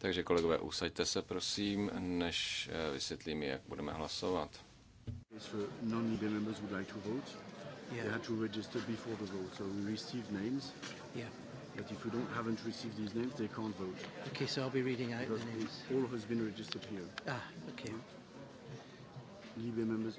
Takže kolegové, usaďte se prosím, než eh, vysvětlím, jak budeme hlasovat. They had to register before the vote, so we received names. But if we don't haven't received these names, they can't vote. Okay, so I'll be reading out because the names. All has been registered here. Ah, okay. Libe members,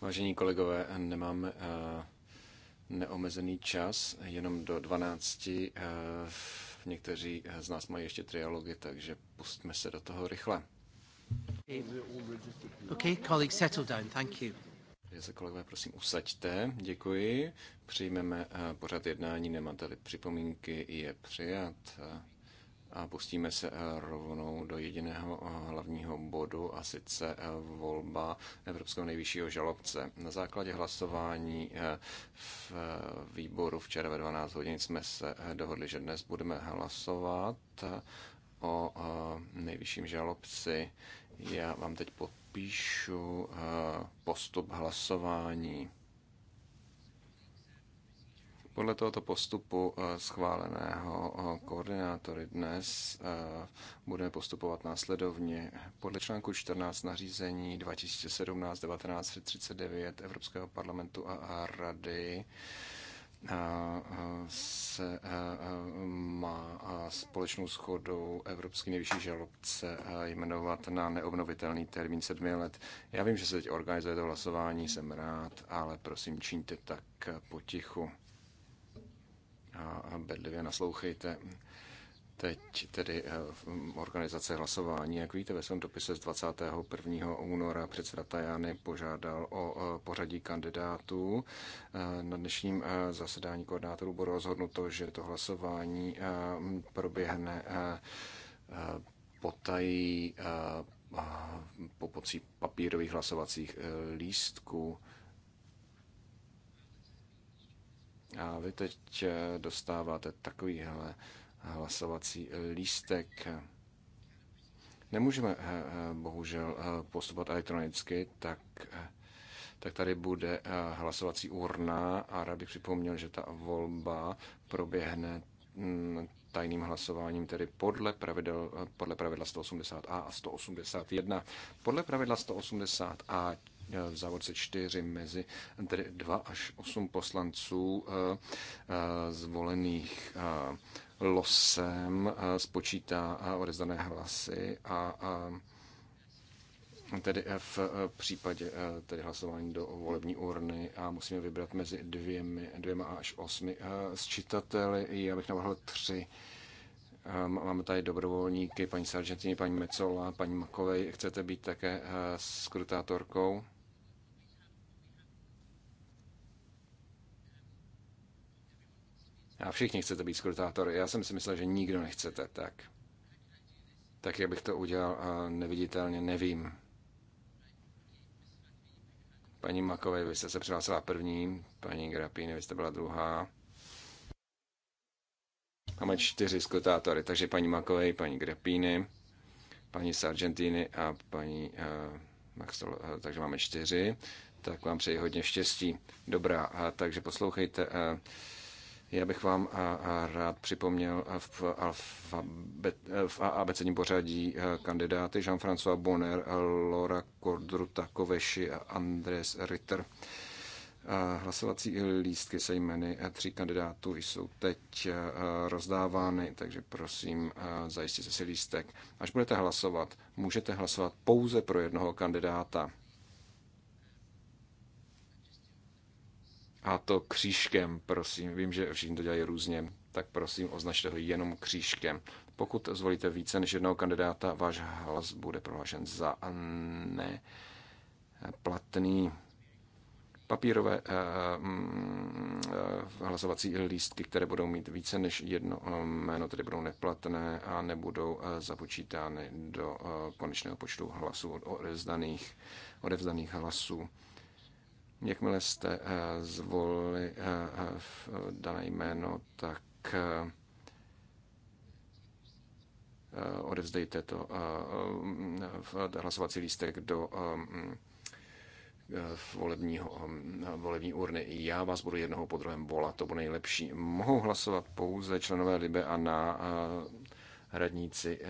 Vážení kolegové, nemám eh, neomezený čas, jenom do 12. Eh, někteří z nás mají ještě trialogy, takže pustme se do toho rychle. Okay, colleagues, settle down. Thank you. se kolegové, prosím, usaďte. Děkuji. Přijmeme eh, pořád jednání, nemáte-li připomínky, je přijat a pustíme se eh, rovnou do jediného eh, hlavního bodu a sice eh, volba Evropského nejvyššího žalobce. Na základě hlasování v výboru včera ve 12 hodin jsme se dohodli, že dnes budeme hlasovat o nejvyšším žalobci. Já vám teď podpíšu postup hlasování podle tohoto postupu eh, schváleného eh, koordinátory dnes eh, budeme postupovat následovně. Podle článku 14 nařízení 2017-1939 Evropského parlamentu a Rady se má společnou schodou Evropský nejvyšší žalobce jmenovat na neobnovitelný termín sedmi let. Já vím, že se teď organizuje to hlasování, jsem rád, ale prosím, čiňte tak potichu a bedlivě naslouchejte. Teď tedy eh, organizace hlasování. Jak víte, ve svém dopise z 21. února předseda Tajany požádal o eh, pořadí kandidátů. Eh, na dnešním zasedání koordinátorů bylo rozhodnuto, že to hlasování proběhne potají pomocí papírových hlasovacích lístků. A vy teď eh, dostáváte takovýhle hlasovací lístek. Nemůžeme eh, eh, bohužel postupovat elektronicky, tak, tak tady bude hlasovací urna a rád bych připomněl, že ta volba proběhne mm, tajným hlasováním, tedy podle, pravidel, podle pravidla 180a a 181. Podle pravidla 180a v závodce 4 mezi tedy 2 až 8 poslanců eh, eh, zvolených eh, losem spočítá odezdané hlasy a tedy v případě tedy hlasování do volební urny a musíme vybrat mezi dvěmi, dvěma až osmi sčitateli. Já bych navrhl tři. Ehm, máme tady dobrovolníky, paní Sargentini, paní Mecola, paní Makovej. Chcete být také skrutátorkou? A všichni chcete být skrutátory. Já jsem si myslel, že nikdo nechcete. Tak, tak jak bych to udělal a neviditelně, nevím. Paní Makové, vy jste se přihlásila první, paní Grapíny, vy jste byla druhá. Máme čtyři skrutátory, takže paní Makové, paní Grapíny, paní Sargentini a paní uh, Maxwell, uh, takže máme čtyři. Tak vám přeji hodně štěstí. Dobrá, a takže poslouchejte. Uh, já bych vám rád připomněl v, alfabet, v abecedním pořadí kandidáty Jean-François Bonner, Laura Kordruta Koveši a Andres Ritter. Hlasovací lístky se jmény tří kandidátů jsou teď rozdávány, takže prosím, zajistěte si lístek. Až budete hlasovat, můžete hlasovat pouze pro jednoho kandidáta. A to křížkem, prosím. Vím, že všichni to dělají různě, tak prosím označte ho jenom křížkem. Pokud zvolíte více než jednoho kandidáta, váš hlas bude prohlášen za neplatný. Papírové uh, uh, hlasovací lístky, které budou mít více než jedno eh, jméno, tedy budou neplatné a nebudou uh, započítány do uh, konečného počtu hlasů odevzdaných, odevzdaných hlasů. Jakmile jste eh, zvolili eh, eh, dané jméno, tak odevzdejte to v hlasovací lístek do mm, volebního, volební urny. Já vás budu jednoho po druhém volat, to bude nejlepší. Mohou hlasovat pouze členové Libe a na radníci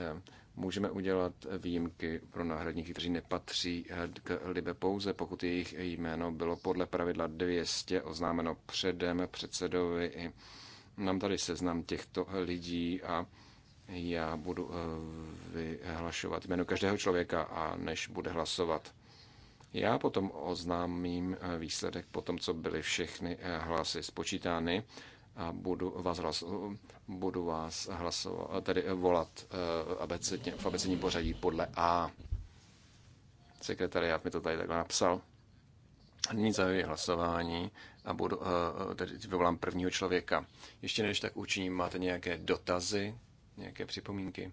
můžeme udělat výjimky pro náhradníky, kteří nepatří eh, k Libe pouze, pokud jejich jméno bylo podle pravidla 200 oznámeno předem předsedovi. Mám tady seznam těchto lidí a já budu eh, vyhlašovat jméno každého člověka a než bude hlasovat. Já potom oznámím eh, výsledek po tom, co byly všechny hlasy spočítány a budu vás, hlas, budu vás hlasovat, tedy volat eh, abecedně, v abecedním pořadí podle A. Sekretariát mi to tady takhle napsal. Nyní zahajuji hlasování a budu, eh, tedy vyvolám prvního člověka. Ještě než tak učiním, máte nějaké dotazy, nějaké připomínky?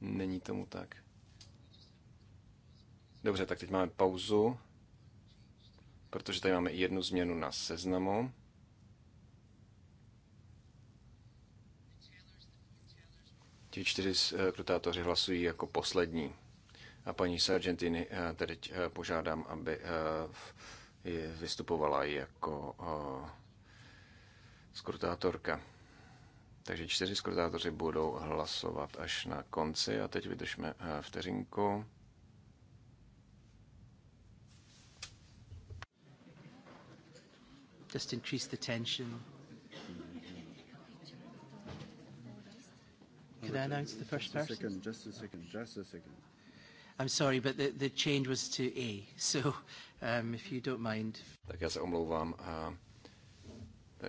Není tomu tak. Dobře, tak teď máme pauzu, protože tady máme jednu změnu na seznamu. Ti čtyři skrutátoři eh, hlasují jako poslední. A paní Sargentini eh, tedy eh, požádám, aby vystupovala jako skrutátorka. Takže čtyři skrutátoři budou hlasovat až na konci a teď vydržme vteřinku. Just increase the tension. Could I announce the first person? Just a second, just a second, just a second. I'm sorry, but the, the change was to A, so um, if you don't mind. Tak já se omlouvám a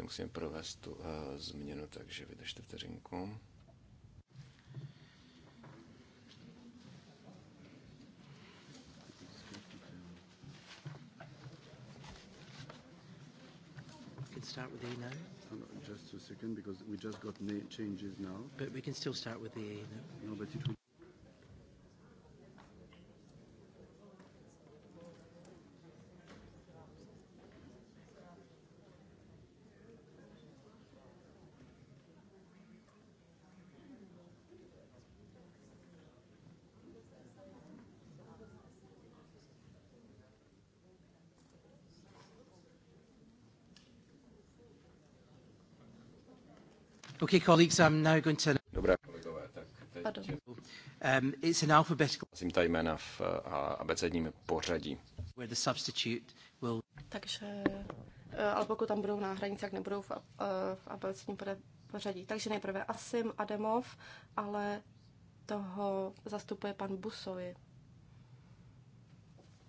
musím provést tu uh, změnu, takže vydržte vteřinku. start with A now just a second because we just got changes now. But we can still start with the A. No, no but it will Okay, colleagues, I'm now going to... Dobré, kolegové, tak teď... Pardon. Um, it's an alphabetical... Jsem ta jména v uh, abecedním pořadí. Where the substitute will... Takže, uh, ale pokud tam budou náhradníci, tak nebudou v, uh, v abecedním pořadí. Takže nejprve Asim Ademov, ale toho zastupuje pan Busovi.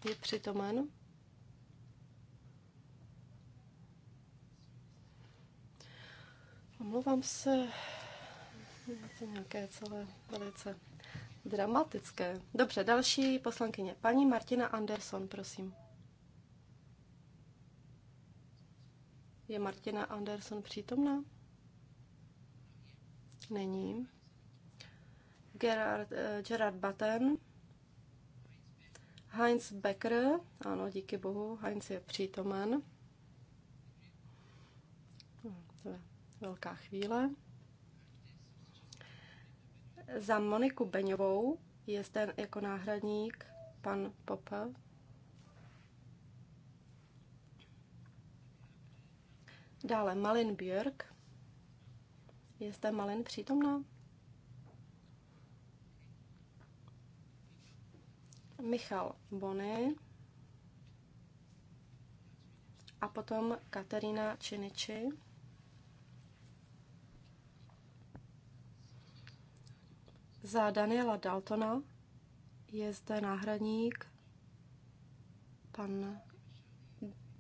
Je přitomen? Omlouvám se, je to nějaké celé velice dramatické. Dobře, další poslankyně. Paní Martina Anderson, prosím. Je Martina Anderson přítomná? Není. Gerard, uh, Gerard Batten. Heinz Becker. Ano, díky bohu, Heinz je přítomen. Velká chvíle. Za Moniku Beňovou je zde jako náhradník pan Popel. Dále Malin Björk. Je zde Malin přítomná? Michal Bony a potom Katerina Činiči. Za Daniela Daltona je zde náhradník pan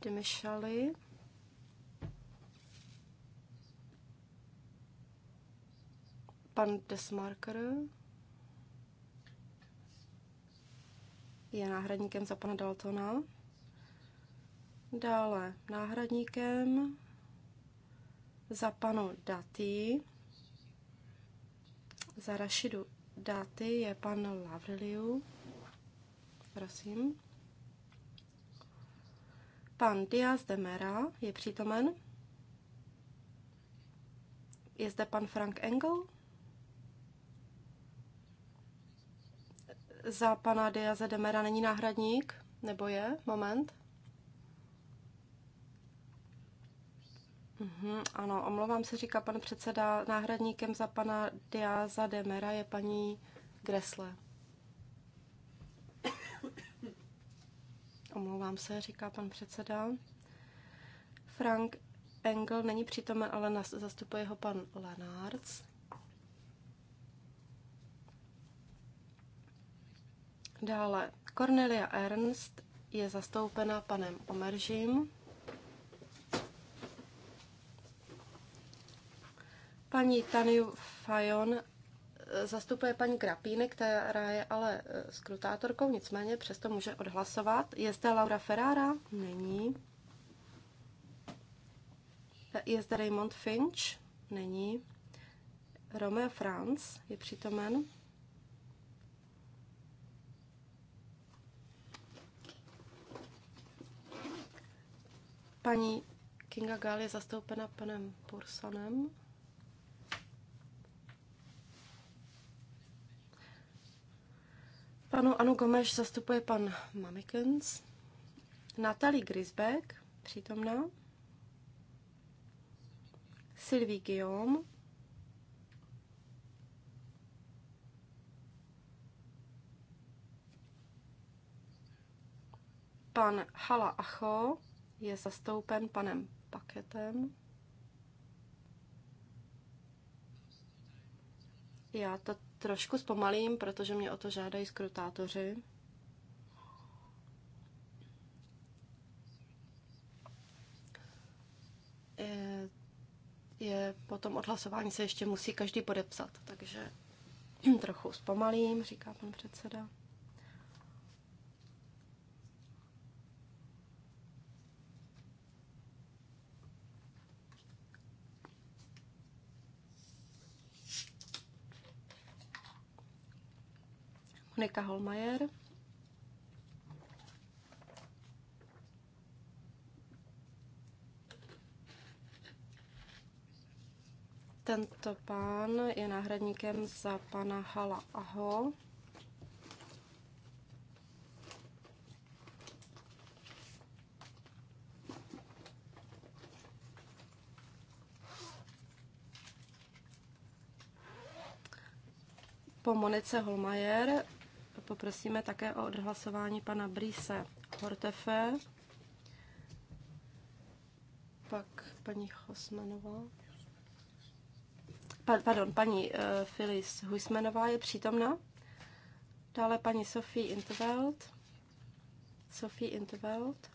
Demišali. Pan Desmarker je náhradníkem za pana Daltona. Dále náhradníkem za panu Datý. Za Rašidu Dáty je pan Lavriliu. Prosím. Pan Diaz de Mera je přítomen. Je zde pan Frank Engel. Za pana Diaz de Mera není náhradník, nebo je? Moment. Mm-hmm, ano, omlouvám se, říká pan předseda. Náhradníkem za pana Diáza Demera je paní Gresle. Omlouvám se, říká pan předseda. Frank Engel není přítomen, ale nas zastupuje ho pan Lenárc. Dále Cornelia Ernst je zastoupena panem Omeržím. Paní Taniu Fajon eh, zastupuje paní Grapíny, která je ale eh, skrutátorkou, nicméně přesto může odhlasovat. Je zde Laura Ferrara? Není. Je zde Raymond Finch? Není. Romeo Franz je přítomen. Paní Kinga Gál je zastoupena panem Pursanem. Panu Anu Gomeš zastupuje pan Mamikens. Natalie Grisbeck, přítomná. Sylvie Guillaume. Pan Hala Acho je zastoupen panem Paketem. Já to Trošku zpomalím, protože mě o to žádají skrutátoři. Je, je potom odhlasování se ještě musí každý podepsat, takže trochu zpomalím, říká pan předseda. Nika Holmajer. Tento pán je náhradníkem za pana Hala Aho. po Monice Holmajer poprosíme také o odhlasování pana Brise Hortefe, pak paní Chosmanová. Pa, pardon, paní uh, eh, Filis Husmanová je přítomna. Dále paní Sophie Interveld. Sophie Interveld.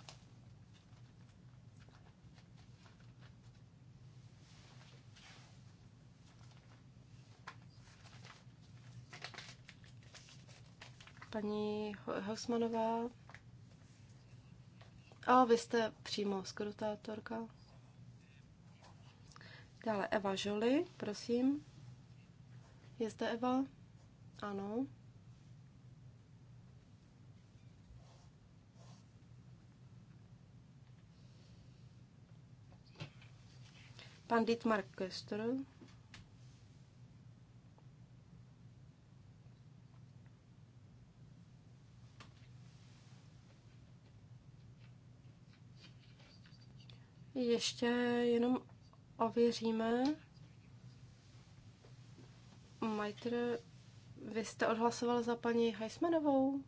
paní Hausmanová. A vy jste přímo skrutátorka. Dále Eva Žoli, prosím. Je zde Eva? Ano. Pan Dietmar Köster. ještě jenom ověříme. Majtr, vy jste odhlasoval za paní Heismanovou?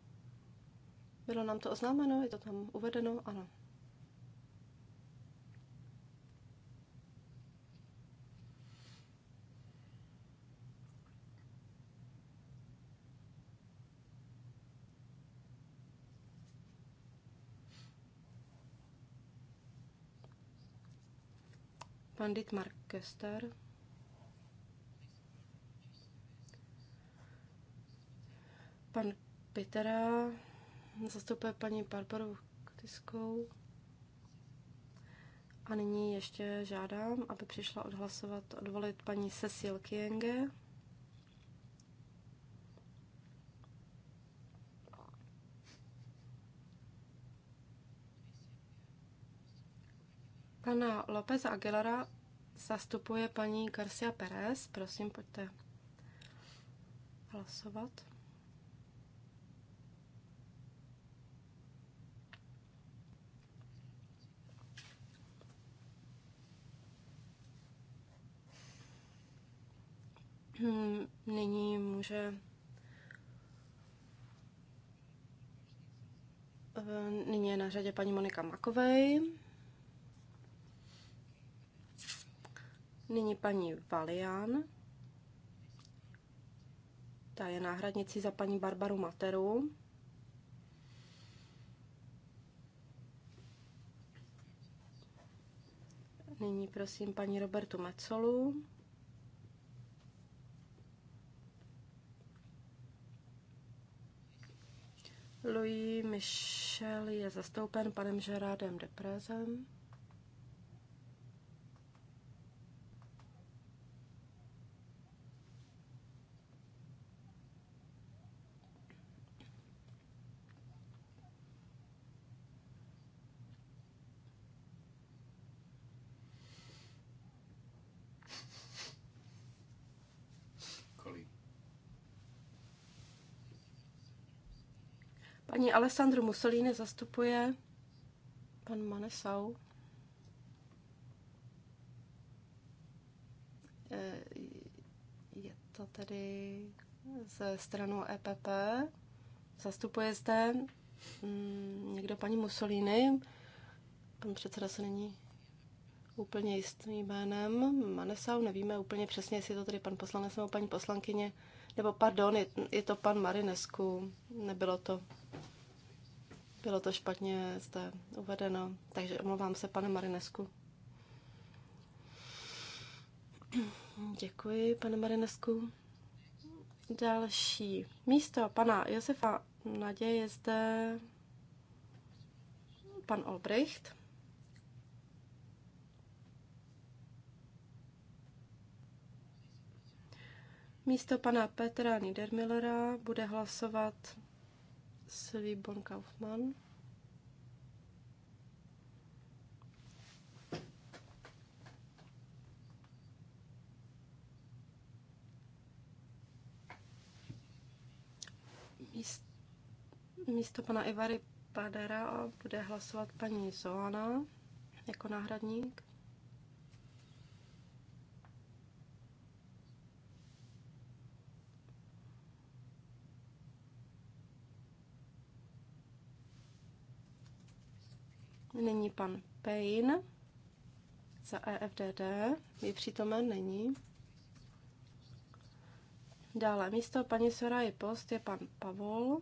Bylo nám to oznámeno, je to tam uvedeno? Ano. Pan Dietmar Kester. Pan Petra, zastupuje paní Barbaru Ktiskou. A nyní ještě žádám, aby přišla odhlasovat, odvolit paní Cecil Kienge. Pana López Aguilera zastupuje paní Garcia Pérez. Prosím, pojďte hlasovat. Hmm, nyní může eh, Nyní je na řadě paní Monika Makovej. Nyní paní Valian. Ta je náhradnicí za paní Barbaru Materu. Nyní prosím paní Robertu Macolu. Louis Michel je zastoupen panem Gerardem Deprezem. Paní Alessandru Mussolini zastupuje pan Manesau. Eh, je to tedy ze stranou EPP. Zastupuje zde mm, někdo paní Mussolini. Pan předseda se není úplně jistým jménem. Manesau, nevíme úplně přesně, jestli je to tedy pan poslanec nebo paní poslankyně. Nebo pardon, je, je to pan Marinesku. Nebylo to bylo to špatně zde uvedeno, takže omlouvám se, pane Marinesku. Děkuji, pane Marinesku. Další místo pana Josefa Naděje je zde pan Olbricht. Místo pana Petra Niedermillera bude hlasovat Silly Bon Kaufmann. Místo pana Ivary Padera bude hlasovat paní Zoana jako náhradník. Není pan Payne za EFDD. Je přítomen? Není. Dále místo paní je Post je pan Pavol.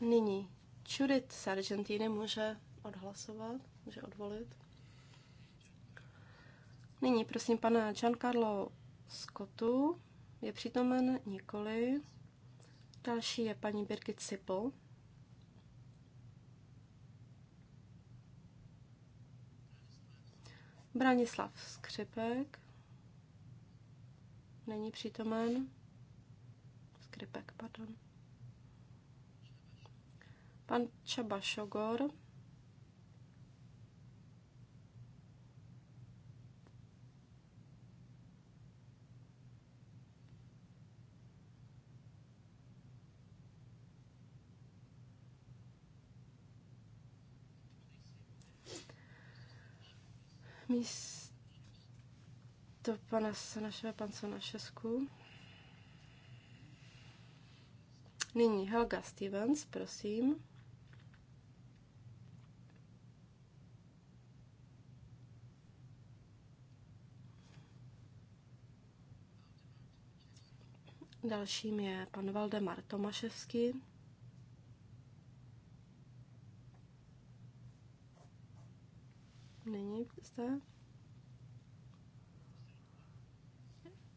Nyní Čurit z může odhlasovat, může odvolit. Nyní prosím pana Giancarlo Scottu. Je přítomen nikoli. Další je paní Birgit Sipol. Branislav Skřipek. Není přítomen. Skřipek, pardon. Pan Čaba Šogor Místo pana Sanaševa, pan šesku. Nyní Helga Stevens, prosím. Dalším je pan Valdemar Tomaševský. Není zde.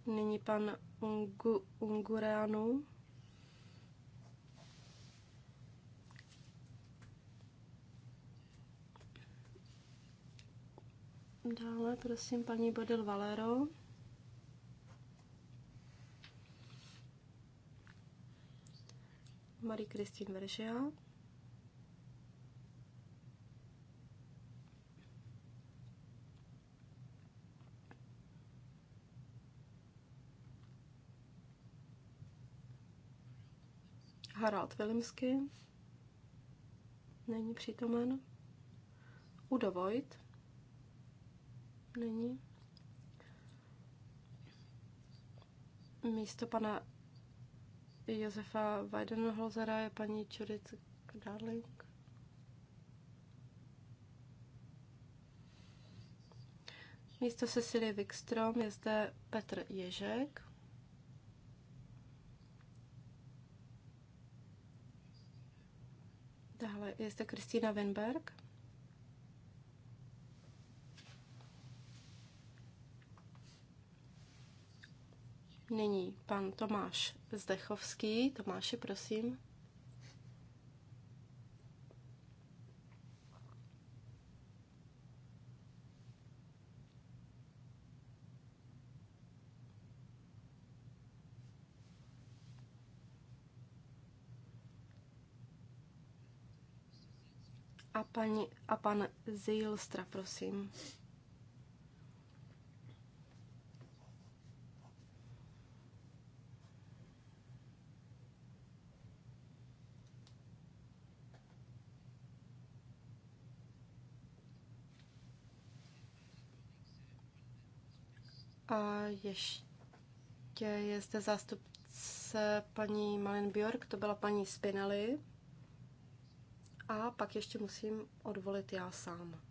Nyní pan Ungu, Ungureanu. Dále prosím paní Bodil Valero. Marie Christine Veržia. Harald Vilimsky není přítomen. Udo Vojt není. Místo pana Josefa Weidenholzera je paní Čuric Darling. Místo Cecilie Wikstrom je zde Petr Ježek. Dále je zde Kristýna Wenberg. Nyní pan Tomáš Zdechovský. Tomáši, prosím. Paní a pan Zilstra, prosím. A ještě je zde zástupce paní Malin Bjork, to byla paní Spinelli a pak ještě musím odvolit já sám.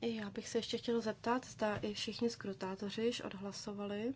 Já bych se ještě chtěla zeptat, zda i všichni skrutátoři již odhlasovali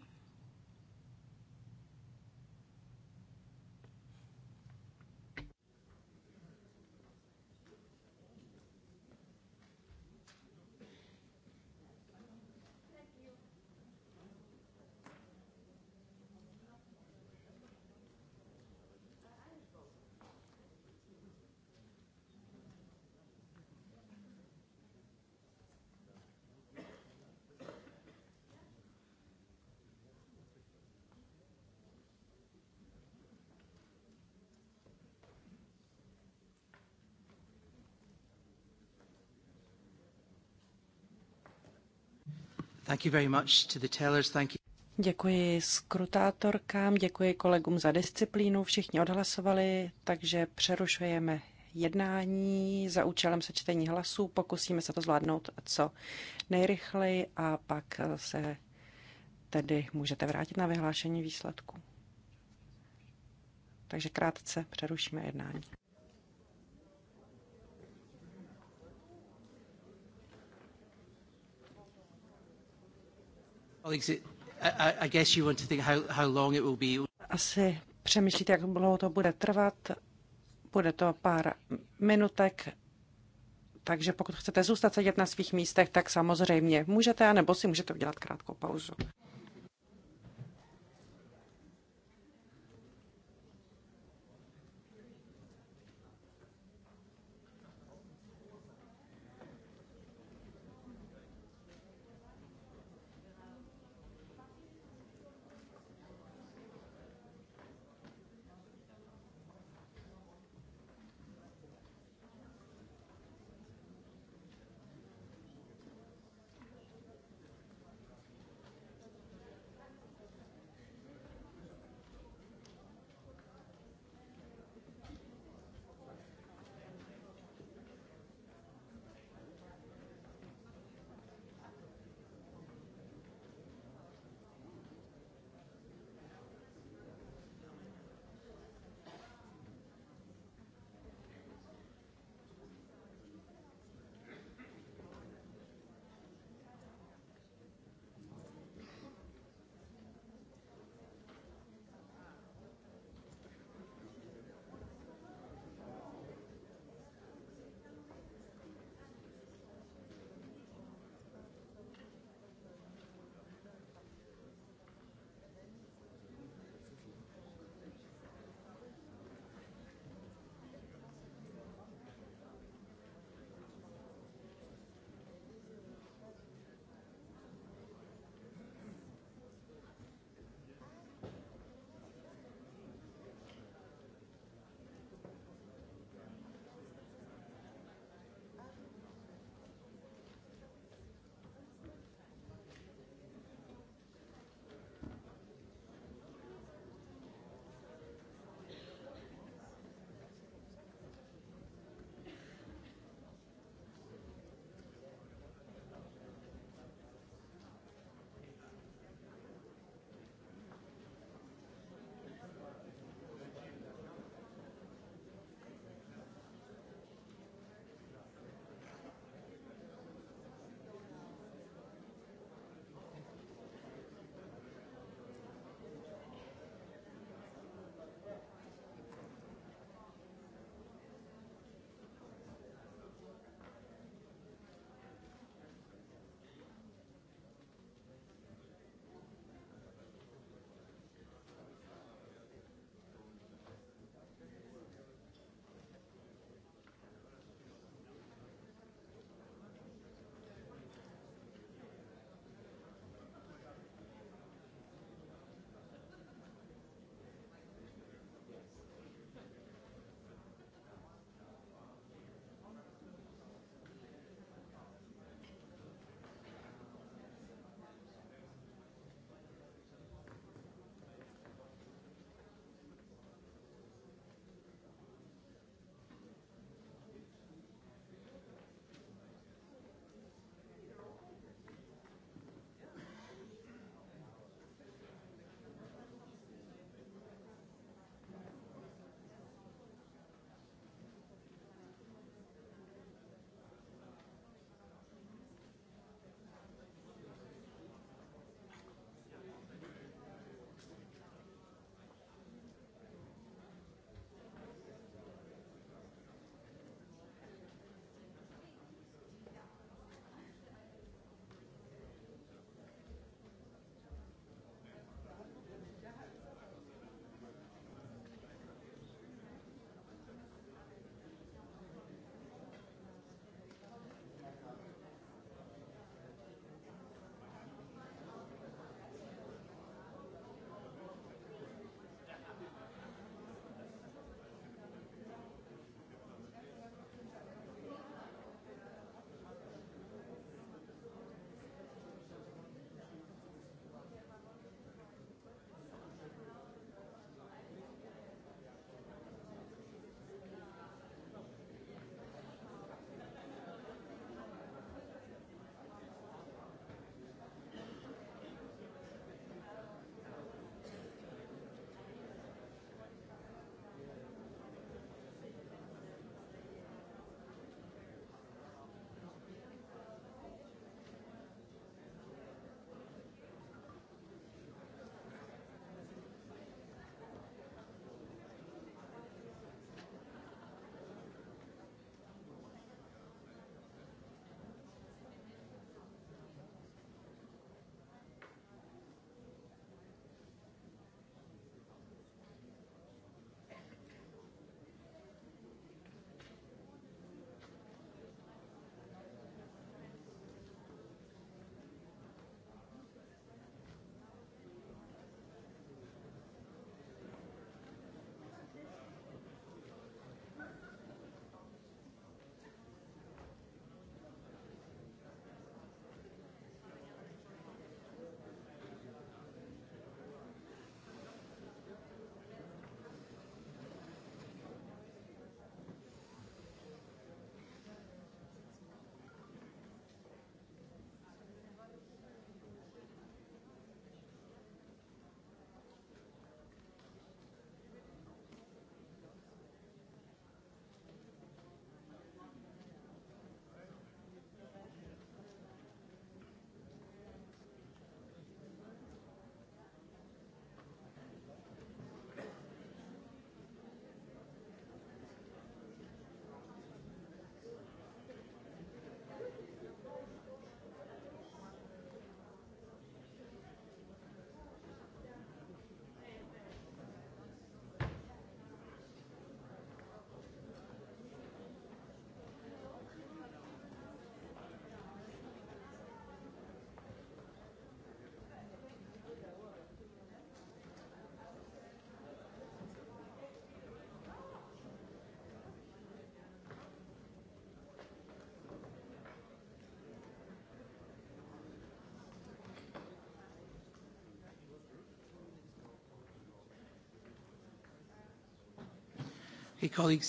Děkuji skrutátorkám, děkuji kolegům za disciplínu. Všichni odhlasovali, takže přerušujeme jednání za účelem sečtení hlasů. Pokusíme se to zvládnout co nejrychleji a pak se tedy můžete vrátit na vyhlášení výsledku. Takže krátce přerušíme jednání. Asi přemýšlíte, jak dlouho to bude trvat. Bude to pár minutek, takže pokud chcete zůstat sedět na svých místech, tak samozřejmě můžete, anebo si můžete udělat krátkou pauzu.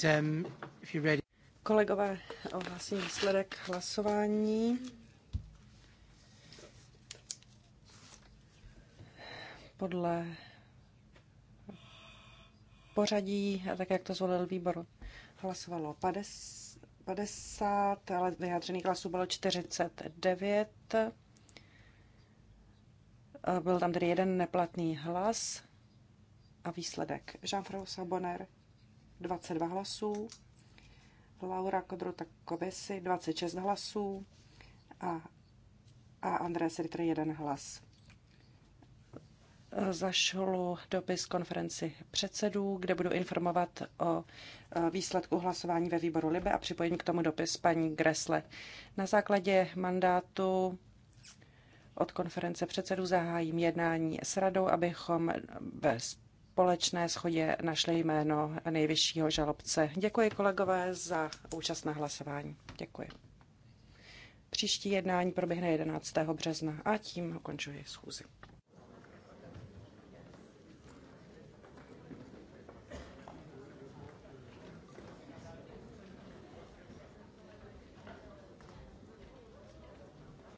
Um, Kolegové, ohlásím výsledek hlasování. Podle pořadí, a tak jak to zvolil výbor, hlasovalo 50, ale vyjádřených hlasů bylo 49. Byl tam tedy jeden neplatný hlas a výsledek. Jean-François Bonner 22 hlasů, Laura Kodrota Kovesi 26 hlasů a, a Andreas Ritter 1 hlas. Zašlu dopis konferenci předsedů, kde budu informovat o výsledku hlasování ve výboru Libe a připojím k tomu dopis paní Gresle. Na základě mandátu od konference předsedů zahájím jednání s radou, abychom ve společné schodě našli jméno nejvyššího žalobce. Děkuji kolegové za účast na hlasování. Děkuji. Příští jednání proběhne 11. března a tím ukončuji schůzi.